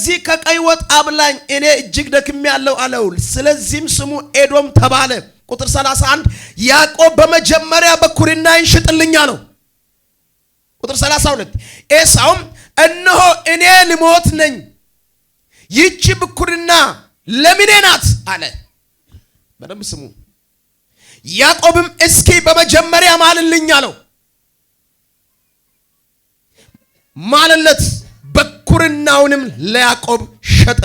ስለዚህ ከቀይ ወጥ አብላኝ እኔ እጅግ ደክም ያለው አለው። ስለዚህም ስሙ ኤዶም ተባለ። ቁጥር 31 ያዕቆብ በመጀመሪያ በኩርናዬን ሽጥልኝ ነው። ቁጥር 32 ኤሳውም እነሆ እኔ ልሞት ነኝ፣ ይቺ ብኩርና ለምኔ ናት አለ። በደንብ ስሙ። ያዕቆብም እስኪ በመጀመሪያ ማልልኝ አለው። ማልለት ኩርናውንም ለያዕቆብ ሸጠ።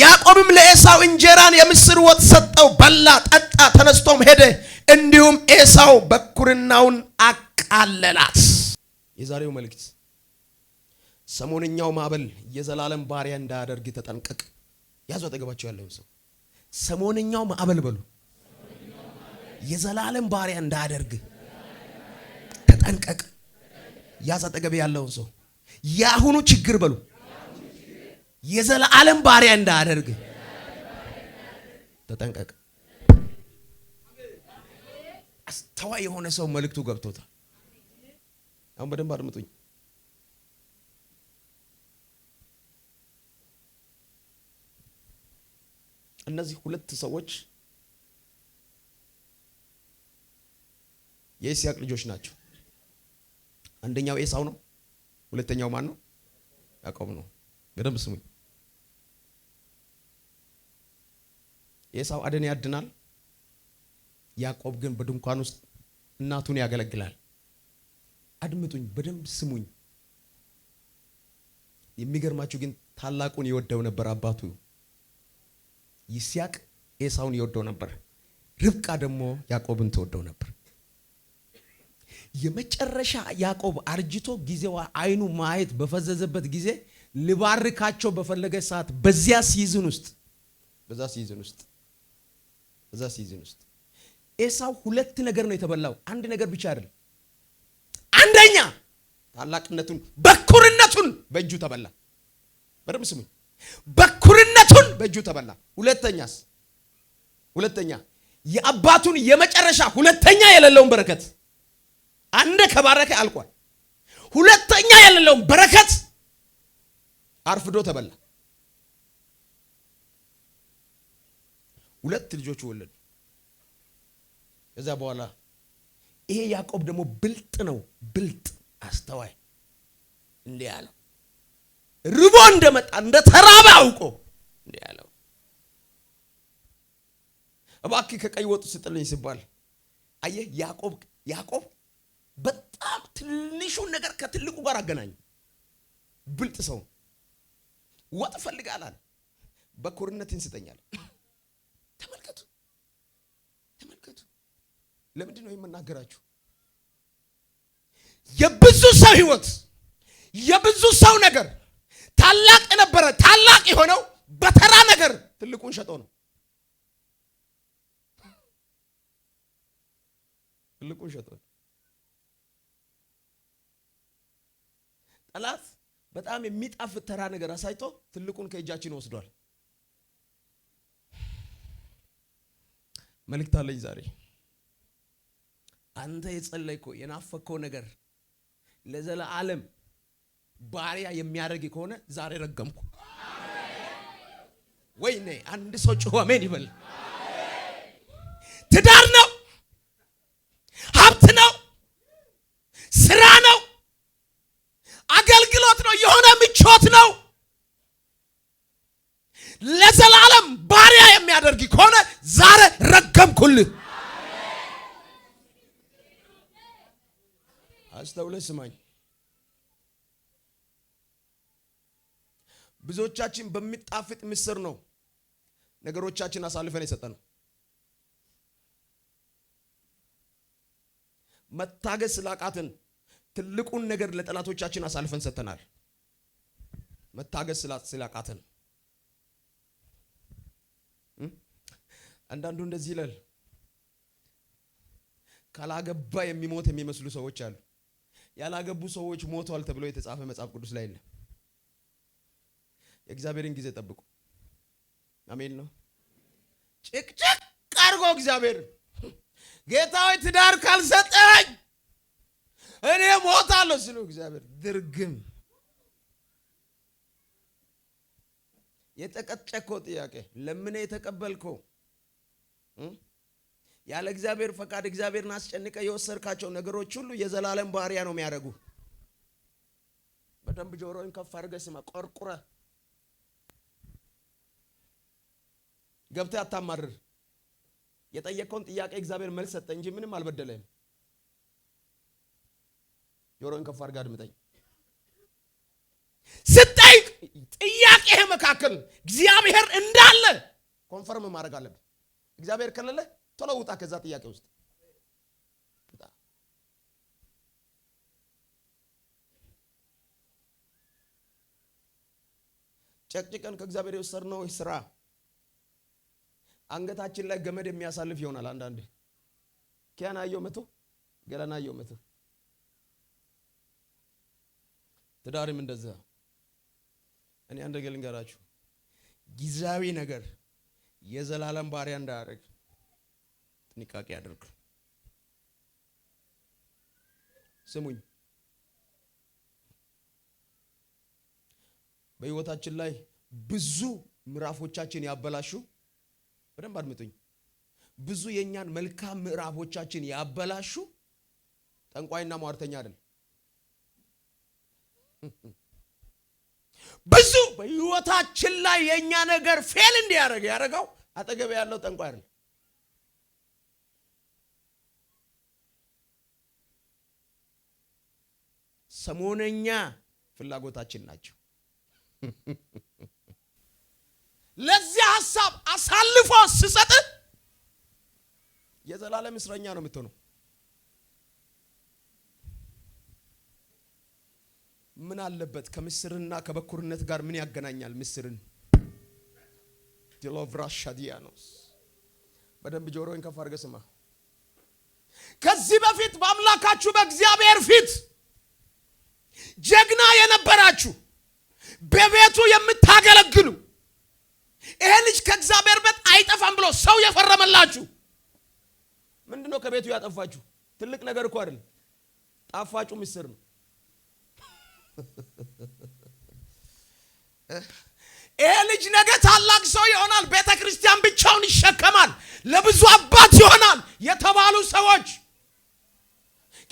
ያዕቆብም ለኤሳው እንጀራን የምስር ወጥ ሰጠው፣ በላ፣ ጠጣ፣ ተነስቶም ሄደ። እንዲሁም ኤሳው በኩርናውን አቃለላት። የዛሬው መልእክት ሰሞነኛው ማዕበል የዘላለም ባሪያ እንዳያደርግ ተጠንቀቅ። ያዙ አጠገባቸው ያለውን ሰው ሰሞንኛው ማዕበል በሉ የዘላለም ባሪያ እንዳያደርግ ተጠንቀቅ። ያዝ አጠገብ ያለውን ሰው የአሁኑ ችግር በሉ የዘላለም ባሪያ እንዳደርግ ተጠንቀቅ። አስተዋይ የሆነ ሰው መልእክቱ ገብቶታል። አሁን በደንብ አድምጡኝ። እነዚህ ሁለት ሰዎች የኢስያቅ ልጆች ናቸው። አንደኛው ኤሳው ነው። ሁለተኛው ማን ነው? ያዕቆብ ነው። በደንብ ስሙኝ። ኤሳው አደን ያድናል። ያዕቆብ ግን በድንኳን ውስጥ እናቱን ያገለግላል። አድምጡኝ፣ በደንብ ስሙኝ። የሚገርማችሁ ግን ታላቁን የወደው ነበር። አባቱ ይስሐቅ ኤሳውን የወደው ነበር። ርብቃ ደግሞ ያዕቆብን ትወደው ነበር። የመጨረሻ ያዕቆብ አርጅቶ ጊዜዋ አይኑ ማየት በፈዘዘበት ጊዜ ልባርካቸው በፈለገ ሰዓት በዚያ ሲዝን ውስጥ በዛ ሲዝን ውስጥ በዛ ሲዝን ውስጥ ኤሳው ሁለት ነገር ነው የተበላው። አንድ ነገር ብቻ አይደለም። አንደኛ ታላቅነቱን በኩርነቱን በእጁ ተበላ። በደም ስሙኝ። በኩርነቱን በእጁ ተበላ። ሁለተኛስ? ሁለተኛ የአባቱን የመጨረሻ ሁለተኛ የሌለውን በረከት አንደ ከባረከ አልቋል። ሁለተኛ የሌለውን በረከት አርፍዶ ተበላ። ሁለት ልጆች ወለዱ። ከዛ በኋላ ይሄ ያዕቆብ ደግሞ ብልጥ ነው፣ ብልጥ አስተዋይ። እንዲህ አለው ርቦ እንደመጣ እንደ ተራበ አውቆ እንዲህ አለው እባክህ ከቀይ ወጡ ስጥልኝ ሲባል አየህ ያዕቆብ ያዕቆብ በጣም ትንሹን ነገር ከትልቁ ጋር አገናኝ። ብልጥ ሰው ወጥ እፈልጋለሁ አለ። በኩርነትን ስጠኛል። ተመልከቱ፣ ተመልከቱ። ለምንድን ነው የምናገራችሁ? የብዙ ሰው ህይወት የብዙ ሰው ነገር ታላቅ የነበረ ታላቅ የሆነው በተራ ነገር ትልቁን ሸጦ ነው። ትልቁን ሸጦ ነው። ጠላት በጣም የሚጣፍጥ ተራ ነገር አሳይቶ ትልቁን ከእጃችን ወስዷል። መልእክት አለኝ ዛሬ። አንተ የጸለይከው የናፈከው ነገር ለዘለዓለም ባሪያ የሚያደርግ ከሆነ ዛሬ ረገምኩ። ወይኔ አንድ ሰው ጭሆ አሜን ይበል። ትዳር ነው ነው፣ የሆነ ምቾት ነው። ለዘላለም ባሪያ የሚያደርግ ከሆነ ዛሬ ረገምኩል አስተውለ ስማኝ። ብዙዎቻችን በሚጣፍጥ ምስር ነው ነገሮቻችን አሳልፈን የሰጠነው። መታገስ ስላቃትን ትልቁን ነገር ለጠላቶቻችን አሳልፈን ሰጥተናል። መታገስ ነው። አንዳንዱ እንደዚህ ይላል። ካላገባ የሚሞት የሚመስሉ ሰዎች አሉ። ያላገቡ ሰዎች ሞተዋል ተብሎ የተጻፈ መጽሐፍ ቅዱስ ላይ የለም። የእግዚአብሔርን ጊዜ ጠብቁ። አሜን ነው። ጭቅጭቅ አድርጎ እግዚአብሔር ጌታዊ ትዳር ካልሰጠኝ እኔ ሞታለሁ ሲሉ እግዚአብሔር ድርግም የጨቀጨከው ጥያቄ ለምን የተቀበልከው ያለ እግዚአብሔር ፈቃድ እግዚአብሔርን አስጨንቀ የወሰድካቸው ነገሮች ሁሉ የዘላለም ባህሪያ ነው የሚያደርጉ። በደንብ ጆሮን ከፍ አድርገ ስማ። ቆርቁረ ገብተ አታማርር። የጠየቀውን ጥያቄ እግዚአብሔር መልስ ሰጠ እንጂ ምንም አልበደለም። ጆሮን ከፍ አድርገ አድምጠኝ። ስጠይቅ ጥያቄህ መካከል እግዚአብሔር እንዳለ ኮንፈርም ማድረግ አለብን። እግዚአብሔር ከሌለ ቶሎ ውጣ ከዛ ጥያቄ ውስጥ ጨቅጭቀን ከእግዚአብሔር የወሰድነው ስራ አንገታችን ላይ ገመድ የሚያሳልፍ ይሆናል። አንዳንድ ኪያናየው መቶ ገለናየው መቶ ትዳርም እንደዛ እኔ አንድ ነገር ልንገራችሁ፣ ጊዜያዊ ነገር የዘላለም ባሪያ እንዳያደርግ ጥንቃቄ አድርጉ። ስሙኝ፣ በህይወታችን ላይ ብዙ ምዕራፎቻችን ያበላሹ፣ በደንብ አድምጡኝ፣ ብዙ የእኛን መልካም ምዕራፎቻችን ያበላሹ ጠንቋይና ሟርተኛ አይደል ብዙ በህይወታችን ላይ የእኛ ነገር ፌል እንዲያደርግ ያደረገው አጠገብ ያለው ጠንቋይ ነው። ሰሞነኛ ፍላጎታችን ናቸው። ለዚያ ሀሳብ አሳልፎ ስሰጥ የዘላለም እስረኛ ነው የምትሆነው። ምን አለበት? ከምስርና ከበኩርነት ጋር ምን ያገናኛል? ምስርን ዲሎቭራሻዲያኖስ በደንብ ጆሮን ከፍ አድርገህ ስማ። ከዚህ በፊት በአምላካችሁ በእግዚአብሔር ፊት ጀግና የነበራችሁ በቤቱ የምታገለግሉ ይሄ ልጅ ከእግዚአብሔር ቤት አይጠፋም ብሎ ሰው የፈረመላችሁ ምንድነው? ከቤቱ ያጠፋችሁ ትልቅ ነገር እኮ አይደለም። ጣፋጩ ምስር ነው። ይሄ ልጅ ነገ ታላቅ ሰው ይሆናል። ቤተ ክርስቲያን ብቻውን ይሸከማል። ለብዙ አባት ይሆናል የተባሉ ሰዎች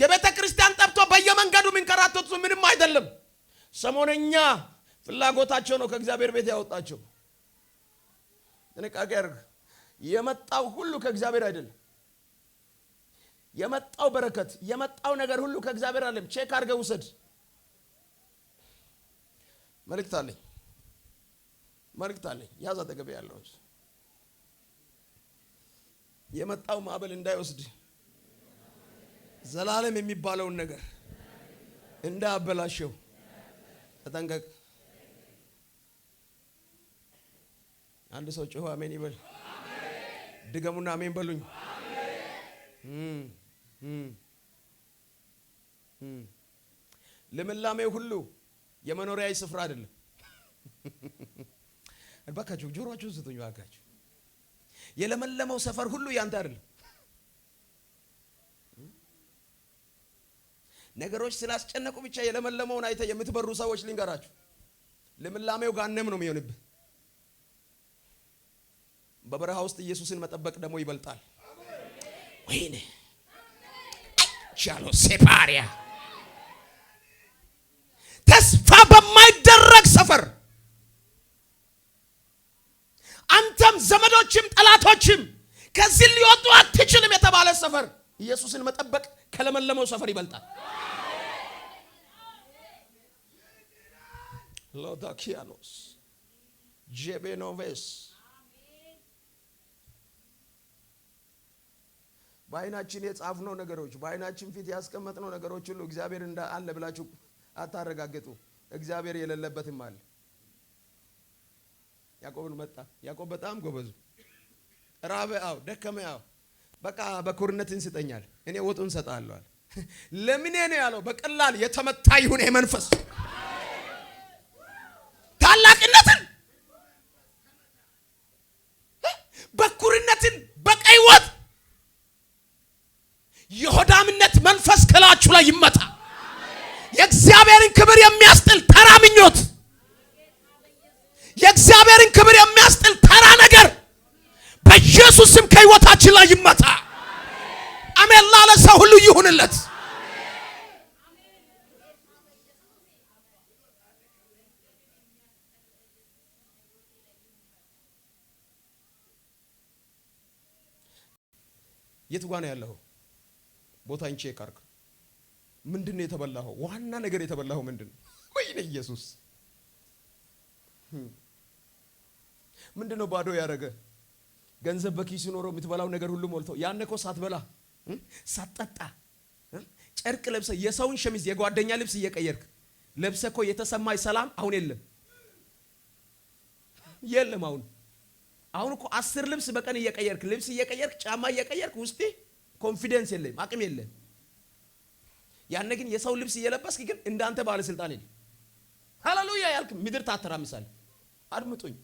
የቤተ ክርስቲያን ጠብቶ በየመንገዱ የሚንከራተቱ ምንም አይደለም። ሰሞነኛ ፍላጎታቸው ነው ከእግዚአብሔር ቤት ያወጣቸው። ጥንቃቄ ያድርግ። የመጣው ሁሉ ከእግዚአብሔር አይደለም። የመጣው በረከት የመጣው ነገር ሁሉ ከእግዚአብሔር አለም ቼክ አድርገህ ውሰድ። መልእክት አለኝ መልእክት አለኝ። ያዝ አጠገብ ያለውን የመጣው ማዕበል እንዳይወስድ ዘላለም የሚባለውን ነገር እንዳያበላሸው ተጠንቀቅ። አንድ ሰው ጮሆ አሜን ይበል። ድገሙና አሜን በሉኝ። ልምላሜ ሁሉ የመኖሪያ ስፍራ አይደለም። እባካችሁ ጆሮአችሁን ስጡኝ። እባካችሁ የለመለመው ሰፈር ሁሉ ያንተ አይደለም። ነገሮች ስላስጨነቁ ብቻ የለመለመውን አይተ የምትበሩ ሰዎች ልንገራችሁ፣ ልምላሜው ጋነም ነው የሚሆንብህ። በበረሃ ውስጥ ኢየሱስን መጠበቅ ደግሞ ይበልጣል። ወይኔ ቻሎ ሴፓሪያ ተስፋ በማይደረግ ሰፈር አንተም ዘመዶችም ጠላቶችም ከዚህ ሊወጡ አትችልም የተባለ ሰፈር ኢየሱስን መጠበቅ ከለመለመው ሰፈር ይበልጣል። ሎዳኪያኖስ ጄቤኖቬስ በአይናችን የጻፍነው ነገሮች በአይናችን ፊት ያስቀመጥነው ነገሮች ሁሉ እግዚአብሔር እንዳለ ብላችሁ አታረጋግጡ። እግዚአብሔር የሌለበትም አለ። ያዕቆብን መጣ። ያዕቆብ በጣም ጎበዙ። ራበ፣ አው ደከመ፣ አው በቃ በኩርነት እንስጠኛል እኔ ወጡን ሰጣለሁ ለምን ለምኔ ነው ያለው? በቀላል የተመታ ይሁን የመንፈስ ታላቅነትን፣ በኩርነትን፣ በቀይ ወጥ የሆዳምነት መንፈስ ከላችሁ ላይ ይመጣ። የእግዚአብሔርን ክብር የሚያስጥል ተራ ምኞት፣ የእግዚአብሔርን ክብር የሚያስጥል ተራ ነገር በኢየሱስ ስም ከህይወታችን ላይ ይመጣ። አሜን ላለ ሰው ሁሉ ይሁንለት። የት ጓ ነው ያለው ቦታ እንቼ ካርክ ምንድን ነው የተበላኸው? ዋና ነገር የተበላኸው ምንድን ነው? ወይኔ ኢየሱስ hmm. ምንድን ነው ባዶ ያደረገ? ገንዘብ በኪስ ኖረው የምትበላው ነገር ሁሉ ሞልቶ፣ ያኔ እኮ ሳትበላ ሳትጠጣ ጨርቅ ለብሰ የሰውን ሸሚዝ የጓደኛ ልብስ እየቀየርክ ለብሰ እኮ የተሰማኝ ሰላም አሁን የለም የለም። አሁን አሁን እኮ አስር ልብስ በቀን እየቀየርክ ልብስ እየቀየርክ ጫማ እየቀየርክ ውስጤ ኮንፊደንስ የለም፣ አቅም የለም። ያነ ግን የሰው ልብስ እየለበስክ ግን እንዳንተ ባለስልጣን ሄድ ሃሌሉያ ያልክ ምድር ታተራምሳል። አድምጡኝ።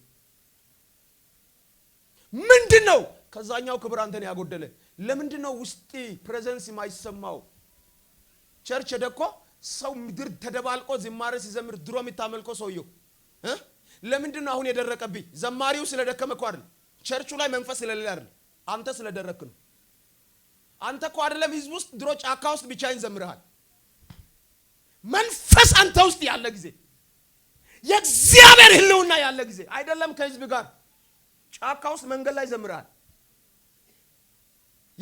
ምንድን ነው ከዛኛው ክብር አንተን ያጎደለ? ለምንድን ነው ውስጢ ፕሬዘንስ የማይሰማው? ቸርች ደኮ ሰው ምድር ተደባልቆ ዝማሬ ሲዘምር ድሮ የሚታመልቆ ሰውየው ለምንድን ነው አሁን የደረቀብኝ? ዘማሪው ስለደከመ እኮ አይደል፣ ቸርቹ ላይ መንፈስ ስለሌለ አይደል፣ አንተ ስለደረክ ነው። አንተ እኮ አይደለም ህዝብ ውስጥ ድሮ ጫካ ውስጥ ብቻ ዘምረሃል። መንፈስ አንተ ውስጥ ያለ ጊዜ የእግዚአብሔር ህልውና ያለ ጊዜ አይደለም። ከህዝብ ጋር ጫካ ውስጥ መንገድ ላይ ዘምራል።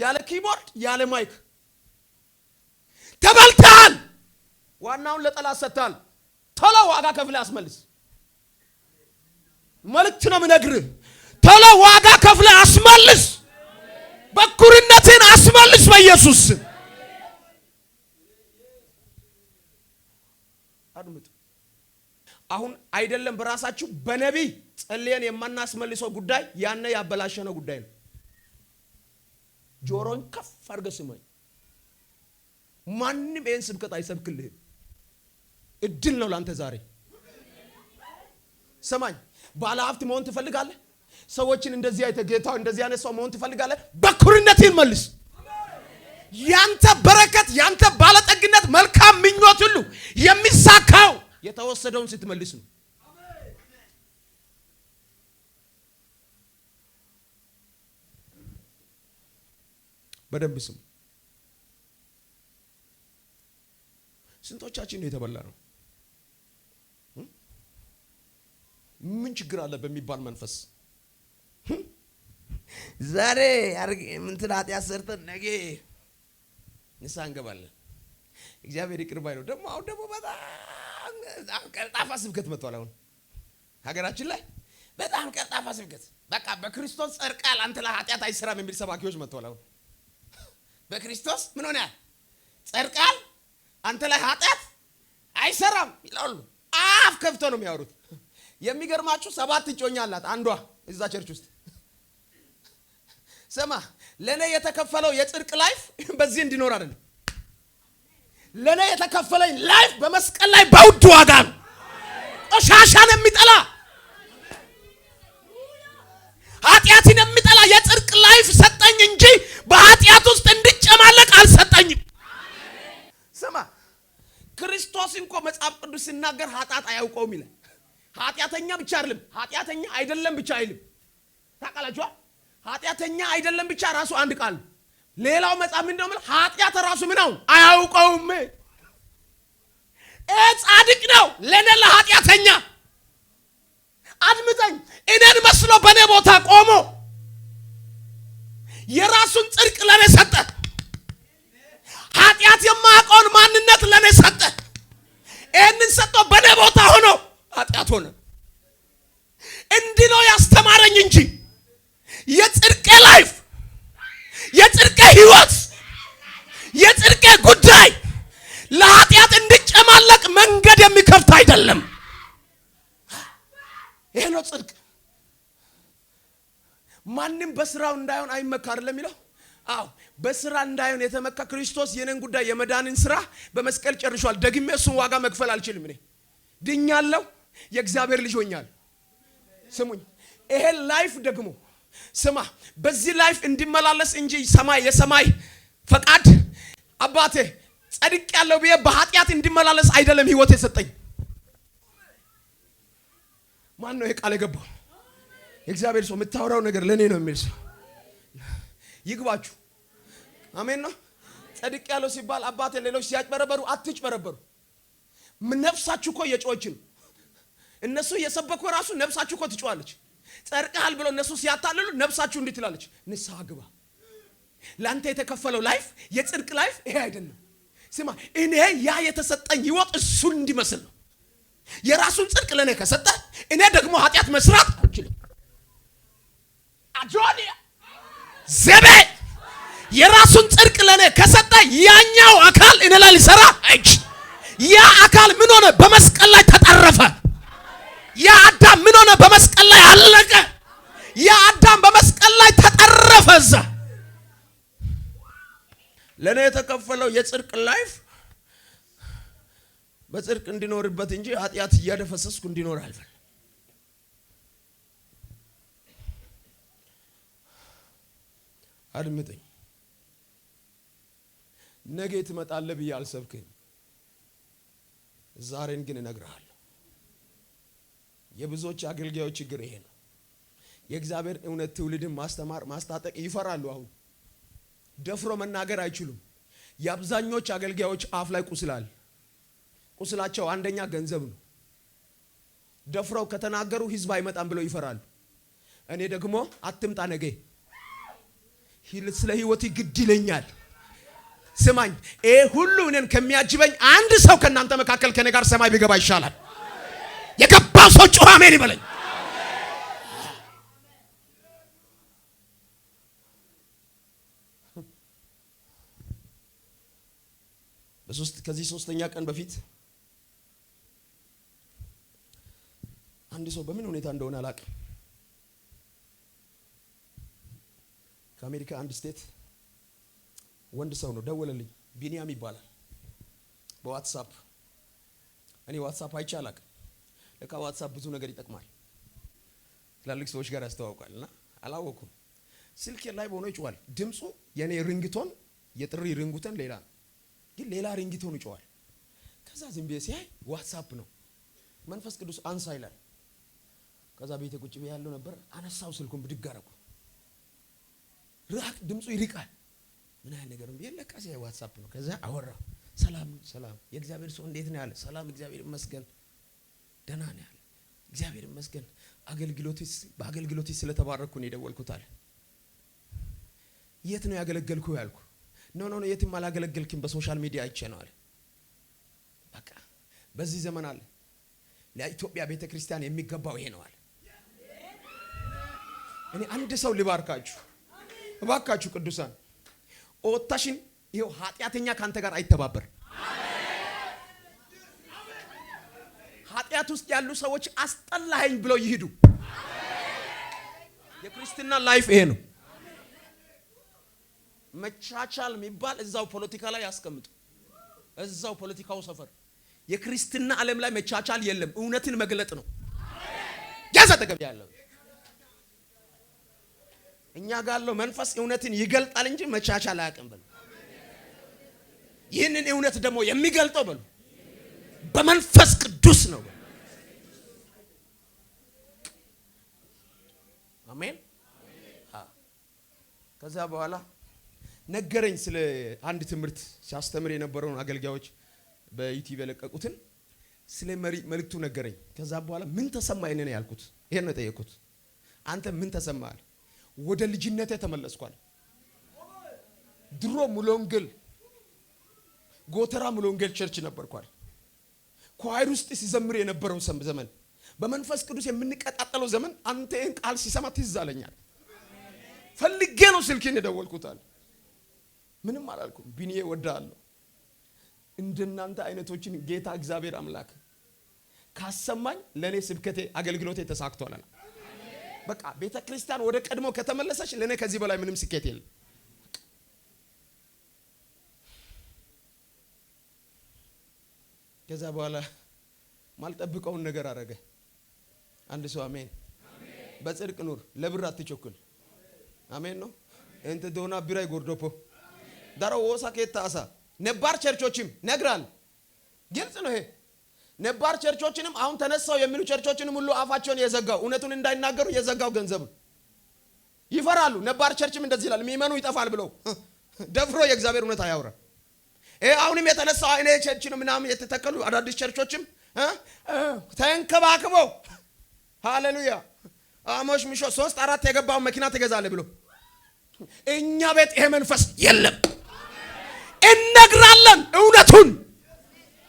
ያለ ኪቦርድ ያለ ማይክ ተበልተሃል። ዋናውን ለጠላት ሰጥታል ቶሎ ዋጋ ከፍለ አስመልስ። መልእክት ነው ምነግርህ ቶሎ ዋጋ ከፍለ አስመልስ። በኩርነትን አስመልስ በኢየሱስ አድምጡ። አሁን አይደለም በራሳችሁ በነቢይ ጸልየን የማናስመልሰው ጉዳይ ያነ ያበላሸነ ጉዳይ ነው። ጆሮን ከፍ አድርገ ስመኝ። ማንም ይህን ስብከት አይሰብክልህም። እድል ነው ለአንተ ዛሬ። ስማኝ፣ ባለ ሀብት መሆን ትፈልጋለህ? ሰዎችን እንደዚህ አይተህ ጌታ እንደዚህ አይነት ሰው መሆን ትፈልጋለህ? በኩርነትህን መልስ። ያንተ በረከት ያንተ ባለጠግነት መልካም ምኞት ሁሉ የሚሳካው የተወሰደውን ስትመልስ ነው። በደንብ ስም ስንቶቻችን ነው የተበላ ነው? ምን ችግር አለ በሚባል መንፈስ ዛሬ እንትን ኃጢአት ሰርተን ነገ ንሳ እንገባለን። እግዚአብሔር ይቅር ባይ ነው። ደግሞ አሁን ደግሞ በጣም ቀልጣፋ ስብከት መጥቷል። አሁን ሀገራችን ላይ በጣም ቀልጣፋ ስብከት በቃ በክርስቶስ ጸድቀሃል አንተ ላይ ለኃጢአት አይሰራም የሚል ሰባኪዎች መጥቷል። አሁን በክርስቶስ ምን ሆነ ጸድቀሃል አንተ ላይ ኃጢአት አይሰራም ይላሉ። አፍ ከፍቶ ነው የሚያወሩት። የሚገርማችሁ ሰባት እጮኛ አላት አንዷ እዛ ቸርች ውስጥ ስማ፣ ለእኔ የተከፈለው የጽድቅ ላይፍ በዚህ እንዲኖር አይደለም። ለእኔ የተከፈለኝ ላይፍ በመስቀል ላይ በውድ ዋጋ ነው። ቆሻሻን የሚጠላ ኃጢአትን የሚጠላ የጽድቅ ላይፍ ሰጠኝ እንጂ በኃጢአት ውስጥ እንድጨማለቅ አልሰጠኝም። ስማ፣ ክርስቶስ እንኮ መጽሐፍ ቅዱስ ሲናገር ኃጢአት አያውቀውም ይላል። ኃጢአተኛ ብቻ አይደለም ኃጢአተኛ አይደለም ብቻ አይልም። ታውቃላችኋል ኃጢአተኛ አይደለም ብቻ ራሱ አንድ ቃል። ሌላው መጽሐፍ ምንድነው የሚል ኃጢአት ራሱ ምነው አያውቀውም። ይሄ ጻድቅ ነው ለእኔ ለኃጢአተኛ። አድምጠኝ፣ እኔን መስሎ በእኔ ቦታ ቆሞ የራሱን ጽድቅ ለእኔ ሰጠ። ኃጢአት የማያውቀውን ማንነት ለእኔ ሰጠ። ይህንን ሰጥቶ በእኔ ቦታ ሆኖ ኃጢአት ሆነ። እንዲህ ነው ያስተማረኝ እንጂ የጽድቄ ላይፍ፣ የጽድቄ ህይወት፣ የጽድቄ ጉዳይ ለኃጢአት እንድጨማለቅ መንገድ የሚከፍት አይደለም። ይሄ ነው ጽድቅ። ማንም በስራው እንዳይሆን አይመካር ለሚለው አዎ በስራ እንዳይሆን የተመካ ክርስቶስ የኔን ጉዳይ የመዳንን ስራ በመስቀል ጨርሷል። ደግሜ እሱን ዋጋ መክፈል አልችልም። እኔ ድኛለሁ፣ የእግዚአብሔር ልጅ ሆኛለሁ። ስሙኝ፣ ይሄን ላይፍ ደግሞ ስማ፣ በዚህ ላይፍ እንዲመላለስ እንጂ ሰማይ የሰማይ ፈቃድ አባቴ ጸድቅ ያለው ብዬ በኃጢአት እንዲመላለስ አይደለም ህይወት የሰጠኝ። ማን ነው ይሄ ቃል የገባው? የእግዚአብሔር ሰው የምታወራው ነገር ለእኔ ነው የሚል ሰው ይግባችሁ። አሜን ነው። ጸድቅ ያለው ሲባል አባቴ ሌሎች ሲያጭበረበሩ አትጭበረበሩ። ነፍሳችሁ እኮ የጮኸች እነሱ እየሰበኩ ራሱ ነፍሳችሁ እኮ ትጮዋለች። ጸድቀሃል ብሎ እነሱ ሲያታልሉ ነፍሳችሁ እንዲህ ትላለች፣ ንስሐ ግባ። ለአንተ የተከፈለው ላይፍ የጽድቅ ላይፍ ይሄ አይደለም። ስማ እኔ ያ የተሰጠኝ ህይወት እሱን እንዲመስል ነው። የራሱን ጽድቅ ለእኔ ከሰጠ እኔ ደግሞ ኃጢአት መስራት አልችልም። አጆኒያ ዘቤ የራሱን ጽድቅ ለእኔ ከሰጠ ያኛው አካል እኔ ላይ ሊሰራ አይችልም። ያ አካል ምን ሆነ? በመስቀል ላይ ተጠረፈ። ያ አዳም ምን ሆነ? በመስቀል ላይ አለቀ። ያ አዳም በመስቀል ላይ ተጠረፈ። እዛ ለእኔ የተከፈለው የጽድቅ ላይፍ በጽድቅ እንዲኖርበት እንጂ ኃጢአት እያደፈሰስኩ እንዲኖር አልፈል አድምጠኝ። ነገ ትመጣለህ ብዬ አልሰብክህም። ዛሬን ግን እነግርሃለሁ። የብዙዎች አገልጋዮች ችግር ይሄ ነው። የእግዚአብሔር እውነት ትውልድን ማስተማር ማስታጠቅ ይፈራሉ። አሁን ደፍሮ መናገር አይችሉም። የአብዛኞች አገልጋዮች አፍ ላይ ቁስላል። ቁስላቸው አንደኛ ገንዘብ ነው። ደፍረው ከተናገሩ ህዝብ አይመጣም ብለው ይፈራሉ። እኔ ደግሞ አትምጣ ነገ ስለ ህይወት ግድ ይለኛል። ስማኝ፣ ይሄ ሁሉ እኔን ከሚያጅበኝ አንድ ሰው ከእናንተ መካከል ከኔ ጋር ሰማይ ቢገባ ይሻላል። ማን ሰው ጮኸ አሜን ይበለኝ። ከዚህ ሶስተኛ ቀን በፊት አንድ ሰው በምን ሁኔታ እንደሆነ አላቅም ከአሜሪካ አንድ ስቴት ወንድ ሰው ነው ደወለልኝ። ቢኒያም ይባላል በዋትሳፕ እኔ ዋትሳፕ አይቼ አላቅም። እቃ ዋትሳፕ ብዙ ነገር ይጠቅማል። ትላልቅ ሰዎች ጋር ያስተዋውቃል። እና አላወቅኩም። ስልክ ላይ በሆነ ይጨዋል። ድምፁ የኔ ሪንግቶን የጥሪ ሪንግቶን ሌላ ነው፣ ግን ሌላ ሪንግቶን ይጨዋል። ከዛ ዝም ብዬ ሲያይ ዋትሳፕ ነው። መንፈስ ቅዱስ አንሳ ይላል። ከዛ ቤተ ቁጭ ብዬ ያለው ነበር። አነሳው ስልኩን ብድግ አደረኩ። ራቅ ድምፁ ይርቃል። ምን ያህል ነገር ብዬ ለካ ሲያይ ዋትሳፕ ነው። ከዛ አወራ። ሰላም ሰላም፣ የእግዚአብሔር ሰው እንዴት ነው ያለ። ሰላም፣ እግዚአብሔር ይመስገን ደህና ነው ያለ። እግዚአብሔር ይመስገን አገልግሎትስ በአገልግሎትስ ስለተባረኩ ነው የደወልኩት አለ። የት ነው ያገለገልኩ ያልኩ፣ ኖ ኖ ኖ የትም አላገለገልክም በሶሻል ሚዲያ አይቼ ነው አለ። በቃ በዚህ ዘመን አለ ለኢትዮጵያ ቤተ ክርስቲያን የሚገባው ይሄ ነው አለ። እኔ አንድ ሰው ልባርካችሁ፣ እባካችሁ ቅዱሳን ኦታሽን ይኸው ኃጢአተኛ ከአንተ ጋር አይተባበር ኃጢአት ውስጥ ያሉ ሰዎች አስጠላኸኝ ብለው ይሂዱ። የክርስትና ላይፍ ይሄ ነው። መቻቻል የሚባል እዛው ፖለቲካ ላይ ያስቀምጡ። እዛው ፖለቲካው ሰፈር የክርስትና ዓለም ላይ መቻቻል የለም። እውነትን መግለጥ ነው። ያዛ ጠገብ ያለው እኛ ጋር ያለው መንፈስ እውነትን ይገልጣል እንጂ መቻቻል አያውቅም። በሉ ይህንን እውነት ደግሞ የሚገልጠው በሉ በመንፈስ ቅዱስ ነው። አሜን። ከዛ በኋላ ነገረኝ ስለ አንድ ትምህርት ሲያስተምር የነበረውን አገልጋዮች በዩቲዩብ የለቀቁትን ስለ መልእክቱ ነገረኝ። ከዛ በኋላ ምን ተሰማ ይንን ያልኩት ይሄን ነው የጠየኩት። አንተ ምን ተሰማል? ወደ ልጅነት ተመለስኳል። ድሮ ሙሎንግል ጎተራ ሙሎንግል ቸርች ነበርኳል። ኳይር ውስጥ ሲዘምር የነበረው ዘመን በመንፈስ ቅዱስ የምንቀጣጠለው ዘመን አንተ ይህን ቃል ሲሰማ ትዝ አለኛል። ፈልጌ ነው ስልኬን የደወልኩታል። ምንም አላልኩም። ቢኒዬ ወዳለሁ። እንደናንተ አይነቶችን ጌታ እግዚአብሔር አምላክ ካሰማኝ ለእኔ ስብከቴ አገልግሎቴ ተሳክቷልና በቃ ቤተ ክርስቲያን ወደ ቀድሞ ከተመለሰች ለእኔ ከዚህ በላይ ምንም ስኬት የለም። ከዛ በኋላ ማልጠብቀውን ነገር አረገ። አንድ ሰው አሜን። በጽድቅ ኑር፣ ለብር አትቸኩል። አሜን ነው እንት ዶና ቢራይ ጎርዶፖ ዳሮ ወሳ ከታሳ አሳ ነባር ቸርቾችም ነግራል። ግልጽ ነው ይሄ ነባር ቸርቾችንም አሁን ተነሳው የሚሉ ቸርቾችንም ሁሉ አፋቸውን የዘጋው እውነቱን እንዳይናገሩ የዘጋው ገንዘብ ይፈራሉ። ነባር ቸርችም እንደዚህ ይላል፣ የሚመኑ ይጠፋል ብለው ደፍሮ የእግዚአብሔር እውነት አያውራ አሁንም የተነሳ አይኔ ቸርች ነው ምናምን የተተከሉ አዳዲስ ቸርቾችም ተንከባክበው ሃሌሉያ አሞሽ ምሾ ሶስት አራት የገባውን መኪና ትገዛለ ብሎ እኛ ቤት ይሄ መንፈስ የለም። እነግራለን እውነቱን።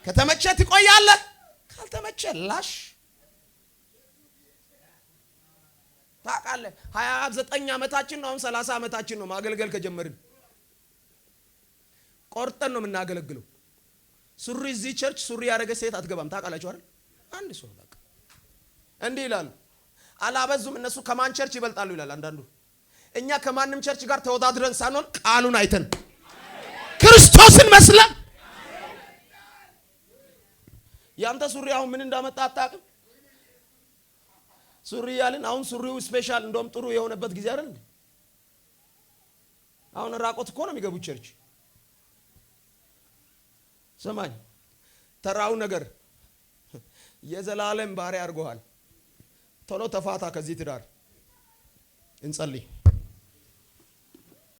ከተመቸ ትቆያለህ፣ ካልተመቸ ላሽ ታውቃለህ። ሀያ ዘጠኝ ዓመታችን ነው። አሁን ሰላሳ ዓመታችን ነው ማገልገል ከጀመርን ቆርጠን ነው የምናገለግለው። ሱሪ እዚህ ቸርች ሱሪ ያደረገ ሴት አትገባም። ታውቃላችሁ አይደል? አንድ ሰው በቃ እንዲህ ይላሉ። አላበዙም እነሱ ከማን ቸርች ይበልጣሉ ይላል አንዳንዱ። እኛ ከማንም ቸርች ጋር ተወዳድረን ሳንሆን ቃሉን አይተን ክርስቶስን መስለን ያንተ ሱሪ አሁን ምን እንዳመጣ አታውቅም። ሱሪ ያልን አሁን ሱሪው ስፔሻል እንደውም ጥሩ የሆነበት ጊዜ አይደል? አሁን ራቆት እኮ ነው የሚገቡት ቸርች ሰማኝ ተራው ነገር የዘላለም ባሪያ አድርጎሃል። ቶሎ ተፋታ ከዚህ ትዳር። እንጸልይ።